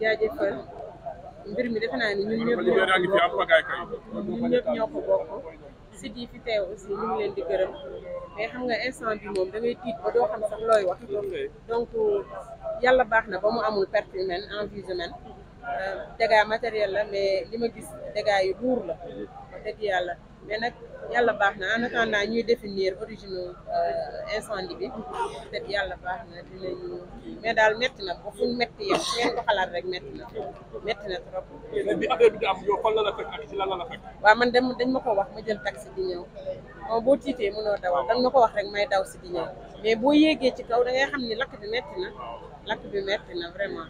jaajëfal mbir mi defe naa ni ñun ñëpp ñun ñëpp bokk sit yi fi teew aussi ñu ngi leen di gërëm mais xam nga instant bi moom da ngay tiit ba doo xam sax looy wax donc yàlla baax na ba mu amul perte humaine en vie humaine euh, dégâts matériels la mais li ma gis dégâts yi buur la wax dëgg yàlla mais nag yàlla baax na en naa ñuy définir origine euh, incendie bi peut être yàlla baax mais daal métti na ko fu métti yem ngeen ko xalaat rek métti na metti na trop. bi am yow la la fekk ak ci lan la man dem dañ ma ko wax ma jël taxi di ñëw moom boo tiitee mënoo dawal dañ ma ko wax rek may daw si di ñëw mais boo yéegee ci kaw da ngay xam ni lakk bi métti na lakk bi métti na vraiment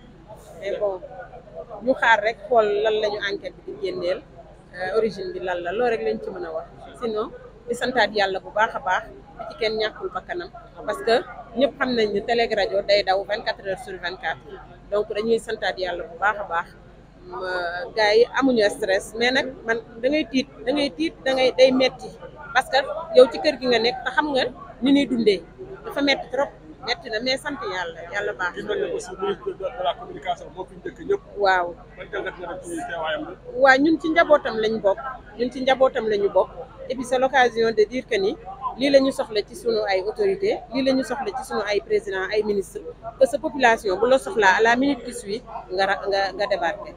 mais bon ñu xaar rek xool lan la ñu enquête bi di génneel. Euh, origine bi lan la loolu rek lañu ci mën a wax sinon di santaat yàlla bu baax a baax di ci kenn ñàkkul bakkanam parce que ñëpp xam nañ ne télé rajo day daw 24 heures sur vingt 24 donc dañuy santaat yàlla bu baax a baax euh, gars yi amuñu stress mais nag man da ngay tiit da ngay tiit da ngay day metti parce que yow ci kër gi nga nekk te xam nga ni ñuy dundee dafa metti trop. metti na mais sant yàlla yàlla baax na. aussi ministre de la communication waaw ban jàngat nga ci teewaayam la. waaw ñun ci njabootam lañ bokk ñun ci njabootam lañu bokk et puis c'est de dire que ni lii la ñu soxla ci sunu ay autorité lii la ñu soxla ci sunu ay président ay ministre que sa population bu la soxlaa à la minute qui suit nga nga nga débarqué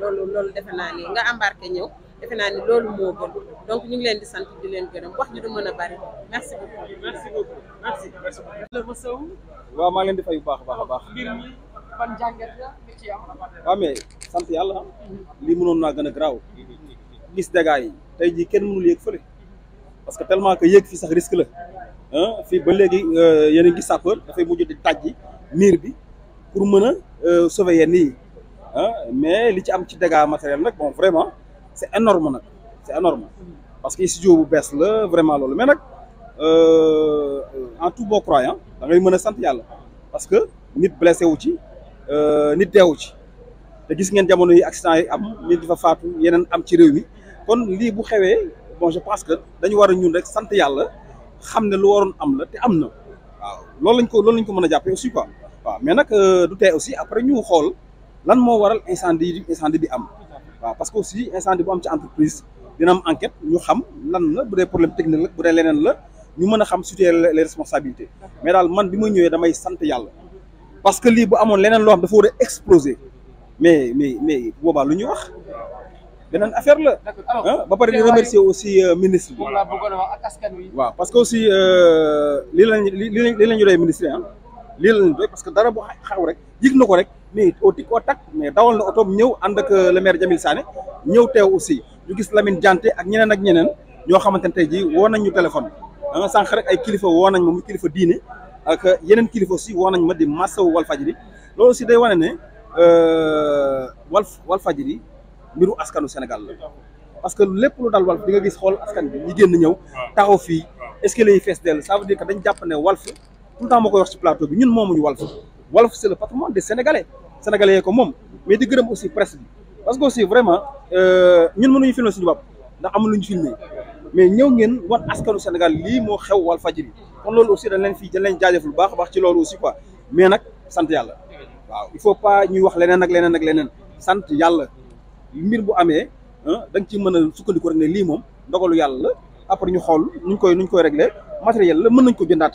loolu loolu defe naa ni nga embarqué ñëw. defe naa ni loolu moo gën donc ñu ngi leen di sant di leen gërëm wax ji du mën a bari merci beaucoup. waaw maa ngi leen di fay bu baax a baax a baax. mbir mi ban jàngat la waaw mais sant yàlla. lii mënoon naa gën a garaaw. gis dégâts yi tey jii kenn mënul yéeg fële. parce que tellement que yéeg fii sax risque la. fii ba léegi euh, yéen a ngi sapeur dafay mujj di tàjji miir bi pour mën a euh, sauver yenn yi mais li ci am ci dégâts matériel nag bon vraiment. c' est énorme nag c' est énorme parce que studio bu bees la vraiment loolu mais nag euh, en tout bon croyant da ngay mën a sant yàlla parce que nit blessé wu ci euh, nit deewu ci te gis ngeen jamono yi accident yi am nit di fa faatu yeneen am ci réew mi kon lii bu xewee bon je que dañu war ñun rek sant yàlla xam ne lu waroon am la te am na waaw loolu lañ ko loolu lañ ko mën a jàppee aussi quoi waaw mais nag euh, du tee aussi après ñu xool lan moo waral incendie incendie bi am. waaw parce que aussi incendie bu am ci entreprise dina am enquête ñu xam lan la bu dee problème technique la bu dee leneen la ñu mën a xam situer les responsabilités mais daal man bi ma ñëwee damay sant yàlla parce que lii bu amoon leneen loo xam dafa war a mais mais mais boobaa lu ñuy wax beneen affaire la ba pare di remercier aussi euh, ministre bi waaw parce que aussi euh, lii lañ lii lañ lii la ñu doy ministre ah lii lañ doy parce que dara bu xaw rek yëg na ko rek mais au tic au tac mais dawal na otoom ñëw ànd ak euh, le maire Jamil ñëw teew aussi lu gis Lamine Dianté ak ñeneen ak ñeneen ñoo xamante ne tey jii woo nañ ñu téléphone da ah, nga sànq ay kilifa woo nañ ma mu kilifa diine ak yeneen kilifa aussi woo nañ ma di massawu bi loolu aussi day wane ne euh, Walf Walfadjri mbiru askanu senegal la parce que lépp lu dal Walf di nga gis xool askan bi ñu génn ñëw taxaw fii escalier yi fees dell ça veut dire dañ jàpp ne Walf tout le temps bi ñun moomuñu Walf Walf c'est le patrimoine sénégal yee ko moom mais di gërëm aussi presse parce que aussi vraiment euh, ñun mënuñu filmer suñu bopp ndax amul lu ñu filmer mais ñëw ngeen wan askanu Sénégal lii moo xew wal fajiri kon loolu aussi dañ leen fii dañ leen jaajëf lu baax baax ci loolu aussi quoi mais nag sant yàlla waaw il faut pas ñuy wax leneen ak leneen ak leneen sant yàlla mbir bu amee da nga ci mën a sukkandiku rek ne lii moom ndogalu yàlla la après ñu xool nuñ koy nuñ koy réglé matériel la mën nañ ko jëndaat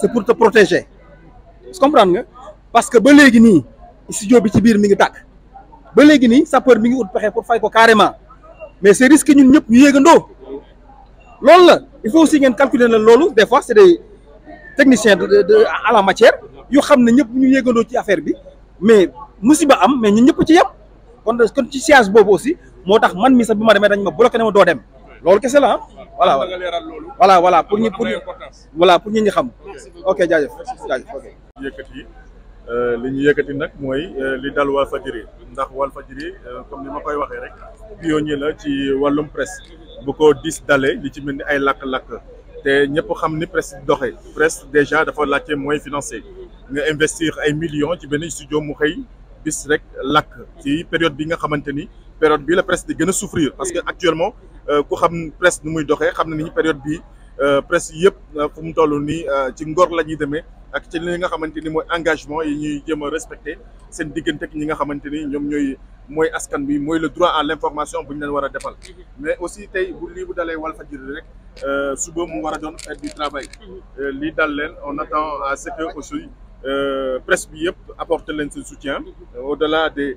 c'est pour te protéger comprendre nga parce que ba léegi nii studio bi ci biir mi ngi tàkk ba léegi nii sapeur mi ngi ut pexee pour fay ko carrément mais c'est risque ñun ñëpp ñu yéegandoo loolu la il faut aussi ngeen calculer na loolu des fois c'est des techniciens de, de, de à la matière yoo xam ne ñëpp ñu yéegandoo ci affaire bi mais musiba am mais ñun ñëpp ci yëpp kon kon ci siège boobu aussi moo tax man mi sax bi ma demee dañ ma bloqué ne ma doo dem loolu voilà voilà voilà pour ñu pour ñu voilà pour ñi ñu xam. ok jaajëf jaajëf ok. yëkkati euh, li ñu yëkkati nag mooy euh, li dal Walfadjri ndax Walfadjri euh, comme ni ma koy waxee rek pionnier la ci wàllum presse bu ko dis dalee li ci mel ni ay lakk-lakk te ñëpp xam ni presse doxee presque déjà dafa laajte mooy financier nga investir ay millions ci benn studio mu xëy bis rek lakk ci période bi nga xamante ni. période bi la presse di gën a souffrir parce que actuellement euh, ku xam presse nu muy doxee xam na ni ñu période bii euh, presse yëpp euh, fu mu toll nii ci ngor la ñuy demee ak ci li nga xamante ni mooy engagement yi jéem a respecté seen diggante ak ñi nga xamante ni ñoom ñooy mooy askan bi mooy le droit à l' information bu leen war a defal mais aussi tey bu lii bu dalee Walfadjri rek suba mu war a doon fête du lii dal on attend à ce que aussi presse bi yëpp apporte leen seen soutien au delà des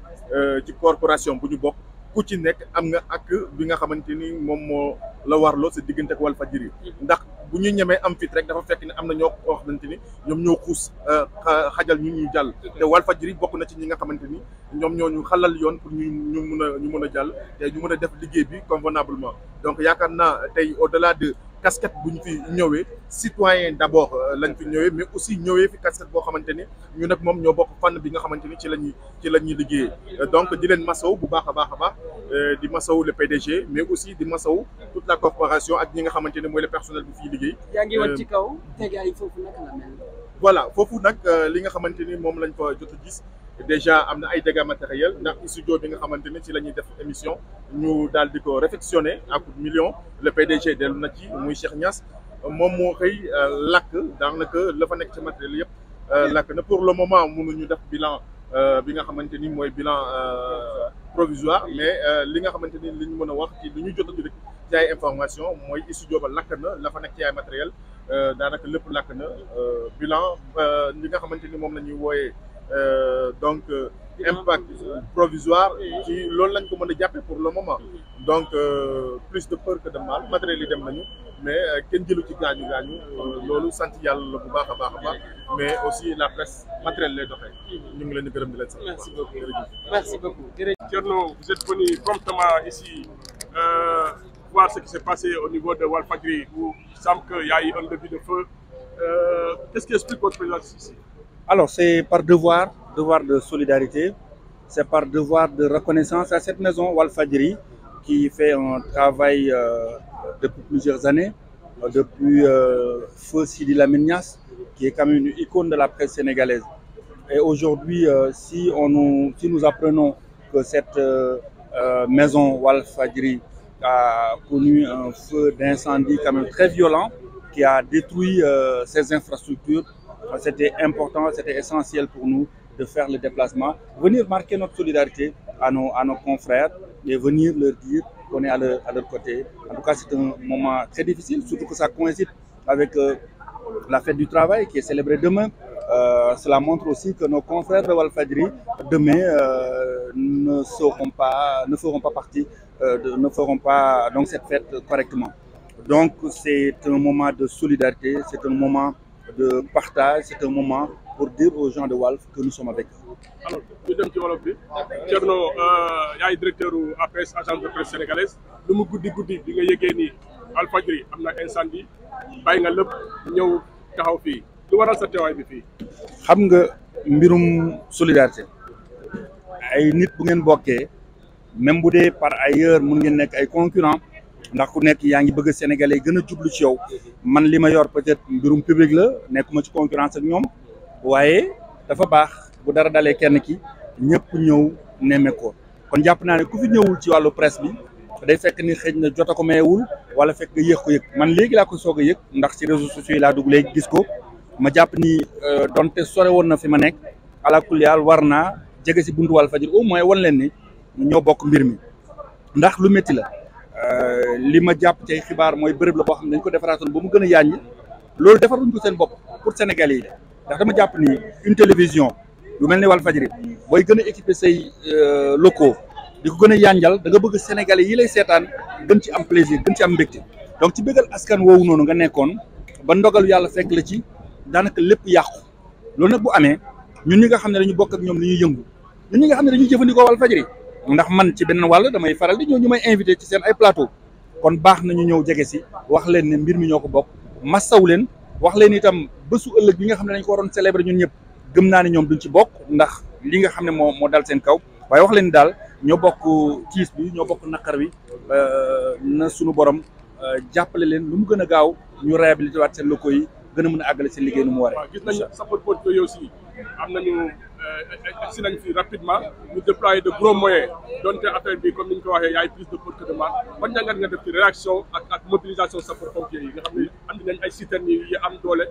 ci corporation bu ñu bokk ku ci nekk am nga ak bi nga xamante ni moom moo la warloo sa diggante ak Walfadjri ndax bu ñu ñemee am fit rek dafa fekk ne am na ñoo koo xamante ni ñoom ñoo xuus euh, xajal ñu ñu jàll te Walfadjri bokk na ci ñi nga xamante ni ñoom ñoo ñu xalal yoon pour ñu ñu mun a ñu mun a jàll te ñu mun a def liggéey bi convenablement donc yaakaar naa tey au delà de casquette bu ñu fi ñëwee citoyen d'abord euh, lañ fi ñëwee mais aussi ñëwee fi casquette boo xamante ni ñu nag moom ñoo bokk fan bi nga xamante ni ci la ñuy ci la ñuy liggéeyee euh, donc di leen masaw bu baax a baax a baax euh, di masaw le PDG mais aussi di masaw toute la corporation ak ñi nga xamante ni mooy le personnel bi fiy liggéey. yaa ngi woon ci kaw tegaay foofu naka la mel. voilà foofu nag li nga xamante ni moom lañ fa jot a gis. déjà am na ay dégâts matériel ndax studio bi nga xamante ni ci la ñuy def émission ñu daal di ko réfectionné à coup de million le PDG dellu na ci muy Cheikh Niass moom moo xëy euh, lakk daanaka la fa nekk ci matériel yëpp euh, lakk na pour le moment ñu def bilan euh, bi nga xamante ni mooy bilan provisoire mais li nga xamante ni li ñu mën a wax ci lu ñuy jot a rek ci ay information mooy studio ba lakk na la fa nekk ci ay matériel daanaka lépp lakk na bilan li nga xamante ni moom la ñuy wooyee Euh, donc euh, impact provisoire ci loolu lañ ko mën a jàppee pour le moment donc euh, plus de peur que de mal matériel yi dem nañu mais kenn jëlu ci gaañu gaañu loolu sant yàlla la bu baax a baax a baax mais aussi la presse matériel lay doxee ñu ngi leen di gërëm di leen sant. merci beaucoup merci beaucoup jërëjëf. Thierno vous êtes venu promptement ici euh, voir ce passé au niveau de Walfadjri où il semble qu'il y a eu un début de feu Alors, c'est par devoir, devoir de solidarité, c'est par devoir de reconnaissance à cette maison, Walfadiri, qui fait un travail euh, depuis plusieurs années, euh, depuis euh, Feu Sidi Lamignas, qui est quand même une icône de la presse sénégalaise. Et aujourd'hui, euh, si, on nous, si nous apprenons que cette euh, euh, maison Walfadiri a connu un feu d'incendie quand même très violent, qui a détruit ses infrastructures, Euh, c'était important, c'était essentiel pour nous de faire le déplacement, venir marquer notre solidarité à nos, à nos confrères et venir leur dire qu'on est à leur, à leur, côté. En tout cas, c'est un moment très difficile, surtout que ça coïncide avec euh, la fête du travail qui est célébrée demain. Euh, cela montre aussi que nos confrères de Walfadri, demain, euh, ne, seront pas, ne feront pas partie, euh, de, ne feront pas donc, cette fête correctement. Donc, c'est un moment de solidarité, c'est un moment de partage c'est un moment pour dire aux gens de Walf que nous sommes avec eux. alors ñu dem ci wolof bi Thierno euh, yaay directeur u APS agence de presse sénégalaise lu guddi guddi bi nga yëgee ni Walfadjri am na incendie bàyyi nga lépp ñëw taxaw fii lu waral sa teewaay bi fii. xam nga mbirum solidarité ay nit bu ngeen bokkee même bu dee par ailleurs mun ngeen nekk ay concurrents. ndax ku nekk yaa ngi bëgg sénégalais gën a jublu ci yow man li ma yor peut-être mbirum public la nekkuma ci concurrence ak ñoom waaye dafa baax bu dara dalee kenn ki ñëpp ñëw nemme ko kon jàpp naa ne ku fi ñëwul ci wàllu presse bi day fekk ni xëy na jot a ko mayewul wala fekk nga yéex ko yëg man léegi laa ko soog a yëg ndax ci réseaux sociaux yi laa dugg léegi gis ko ma jàpp ni euh, donte sore woon na fi ma nekk ala kulli war naa jege si buntu faj au moins wan leen ni ñoo bokk mbir ndax lu métti la. Euh, li ma jàpp ci xibaar mooy bërëb la boo xam ne dañ ko defaraatoon ba mu gën a yaaññi loolu defaruñ ko seen bopp pour Sénégalais yi ndax dama jàpp ni une télévision yu mel ni Walfadjri booy gën a équiper say euh, locaux di ko gën a yànjal danga bëgg sénégal yi lay seetaan gën ci am plaisir gën ci am mbégte donc ci bëggal askan woowu noonu nga nekkoon ba ndogalu yàlla fekk la ci daanaka lépp yàqu loolu nag bu amee ñu ñi nga xam ne dañu bokk ak ñoom li ñuy yëngu ñun ñi nga xam ne dañuy jëfandikoo Walfadjri ndax man ci beneen wàll damay faral di ñëw ñu may invité ci seen ay plateau kon baax nañu ñëw jege si wax leen ne mbir mi ñoo ko bokk massaw leen wax leen itam bésu ëllëg bi nga xam ne dañ ko waroon célébrer ñun ñëpp gëm naa ne ñoom duñ ci bokk ndax li nga xam ne moo moo dal seen kaw waaye wax leen daal ñoo bokk tiis bi ñoo bokk naqar bi euh, na suñu borom euh, jàppale leen lu mu gën a gaaw ñu réhabilité waat seen locaux yi gën a mën a àggale seen liggéey nu mu gis nañu sapeurs-pompiers yooyu aussi am Euh, agsi nañ fi rapidement ñu déployer de gros moyens donte affaire bi ñu ko waxee yaay prise de porte de main ban njàngat nga def ci réaction ak ak mobilisation sapeur pompier nga xam ne andi nañ ay citernes yi am doole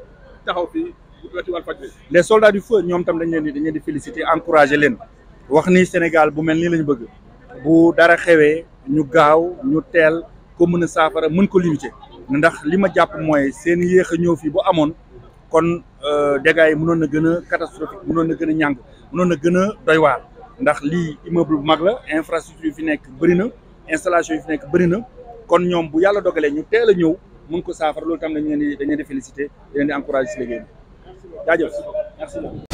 taxaw fii les soldats du feu ñoom tam dañ leen di dañ leen di encourager leen wax ni Sénégal bu mel nii lañu bëgg bu dara xewee ñu gaaw ñu teel ko mën a saafara mën ko limiter ndax li ma jàpp mooy seen yéex a ñëw fii bu amoon kon euh, dégâts yi mënoon na gën a catastrophique mënoon na gën a ñàng mënoon na gën a doy waar ndax lii immeuble bu mag la infrastructure yi fi nekk bëri na installation yi fi nekk bëri na kon ñoom bu yàlla dogalee ñu teel a ñëw mën ko saafara loolu tam dañu leen di dañu leen di féliciter di leen di